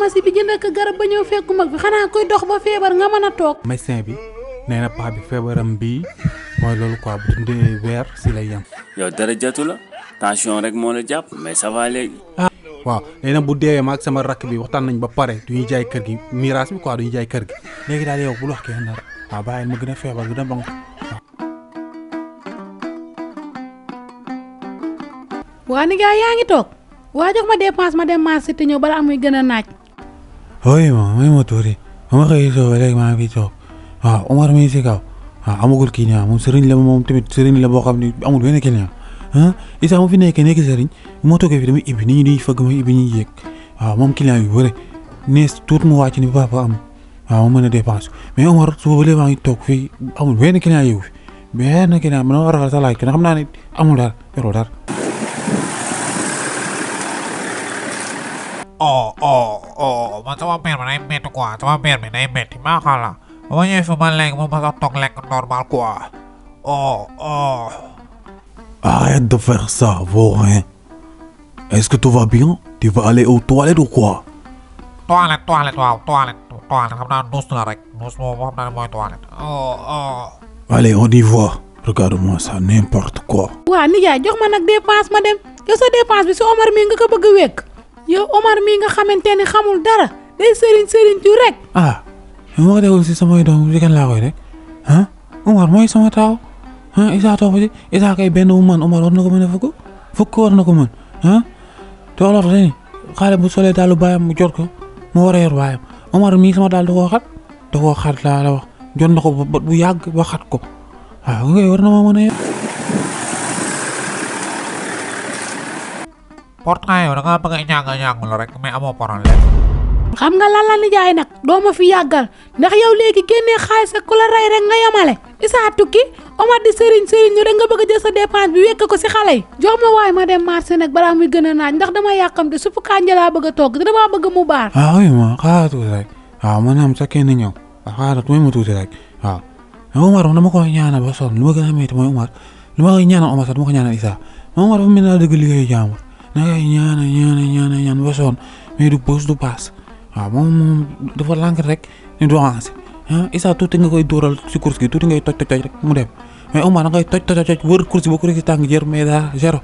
bi jënd ak garab ba ñëw fekku mag bi xanaa koy dox ba feebar nga mën a toog. médecin bi nee na paa bi feebaram bii mooy loolu quoi bu dundee weer si lay yem. yow dara jatu la tension rek moo la jàpp mais ça va léegi. Ah, bu deewee ma ak sama bi waxtaan nañ ba pare du jaay kër gi miraas bi quoi du a feebar gën a bon. waa ni gaa yaa ngi toog waa jox ma dépense ma dem marché te ñëw bala amuy gën naaj. هاي مو توري ما خيشوا عليك ما بيجوا ها عمر مين سيكاو ها عمو قول كينيا مو سرين لما مو تمت سرين لما قام عمو وين كينيا ها إذا مو في نيك نيك سرين مو توكي في دمي ابني دي فق ما ابني يك ها مو كينيا يوري نيس توت مو واتني بابا عم ها مو من ديبانس مي عمر سو لي ما توك في عمو وين كينيا يوف بين كينيا من ورا طلع كنا خمنا ني عمو دار يرو دار اه اه masalah permanen ku masalah permanen di makala Omanya cuma leng mau masak tok leng normal ku Oh, oh. Arrête de faire ça, vaurien. Est-ce que tout va bien? Tu vas aller aux toilettes ou quoi? Toilette, toilette, waaw toilette, toilette xam naa douche la rek douche moom xam naa mooy toilette. Oh, oh. Allez, on y va. n'importe quoi. Waa nijaay jox ma nag dépense ma dem yow sa dépense bi si Omar mii nga ko bëgg a yow Omar mii nga xamante ni dara day sëriñ sëriñ ju rek. ah moo ko déglu si samay doom si kan laa koy rek ah mooy sama taaw ah Issa toog ci Issa kay benn mu mën Omar war na ko mën a na ko mën ah te bu solee daalu baayam mu jot ko mu war a yor baayam Omar mii sama daal da koo xat da laa la wax jot na ko bu yàgg ba xat ko ah, waaw ma mën a porte ngayon nga ba nga inyanga-inyanga rek may amoo parang lekk. xam nga lan la nijaay nag doo ma fi yàggal ndax yow léegi génnee xaalis ak rek nga yemale Issa tukki Omar di sëriñ sëriñ ñu rek nga bëgg a jël sa dépense bi wekk ko si xale yi jox ma waay ma dem marché nag balaa gën a naaj ndax dama yàkkamte suppu kànja laa bëgg a togg te damaa bëgg mu baar waaw ah oui rek waaw ah, man am ah, dama ko ñaanal ba sonn lu ma gën a métti mooy Omar lu ma ñaanal Omar sax dama ko ñaanal Issa Omar dafa mel na ngay ñaana ñaana ñaana ñaan ba sonn mais du pause du passe waaw moom moom dafa lànk rek ni du avancé ah Issa nga koy dóoral si course gi tuuti ngay toj toj toj rek mu dem mais Omar da ngay toj toj toj wër course ba course gi tàng jër mais daa zéro.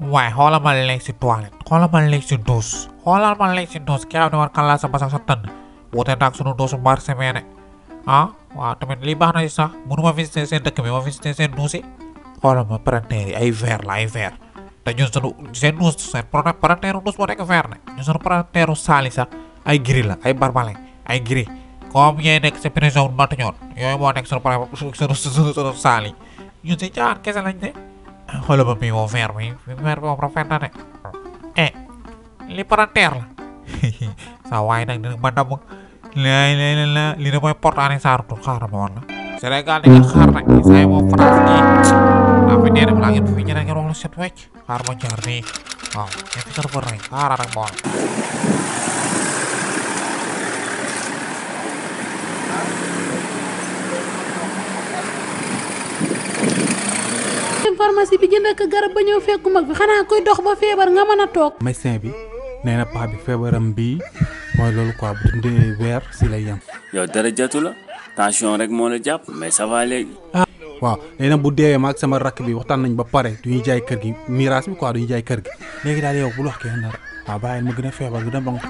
waaye xoolal ma léeg si toilette xoolal ma léeg si douche xoolal ma léeg si douche ki nga xam ne war kan laa sa basax sa tënn wuute naag sunu douche mbaar semaine ah waaw tamit lii baax na si sax mënu ma visiter seen dëkk bi ma visiter seen douche xoolal ma partenaires yi ay vert la ay vert te ñun sunu seen nuus seen partenaire nuus moo nekk vert ne ñun sunu partenaire saali sax ay gris la ay barbalain ay gris comme ñooy nekk sa prévision bu matuñoon yooyu moo nekk sunu sunu sunu sunu saali ñun si jaar kese lañ ne xoolal ma mii moom vert mi vert bi moom rafet na ne eh li partenaire la saa waaye nag dina ma damm lay lay li da mooy porte année saa retour xaaral ma woon la Sénégal di nga xaar nag saa nii się bi jënd ak garab ba ñëw fekku mag bi xanaa koy dox ba feebar nga mën a toog. médecin bi nee paa bi feebaram bii mooy loolu quoi bu dundee weer si lay yem. yow dara jatu la rek moo la jàpp mais ça va waaw léegi nag bu deewee ma ak sama rakk bi waxtaan nañ ba pare du ñuy jaay kër gi miraas ko quoi du ñuy jaay kër gi léegi daal yow bul wax kenn dara waaw ah, bàyyi ma gën a feebar gën a bon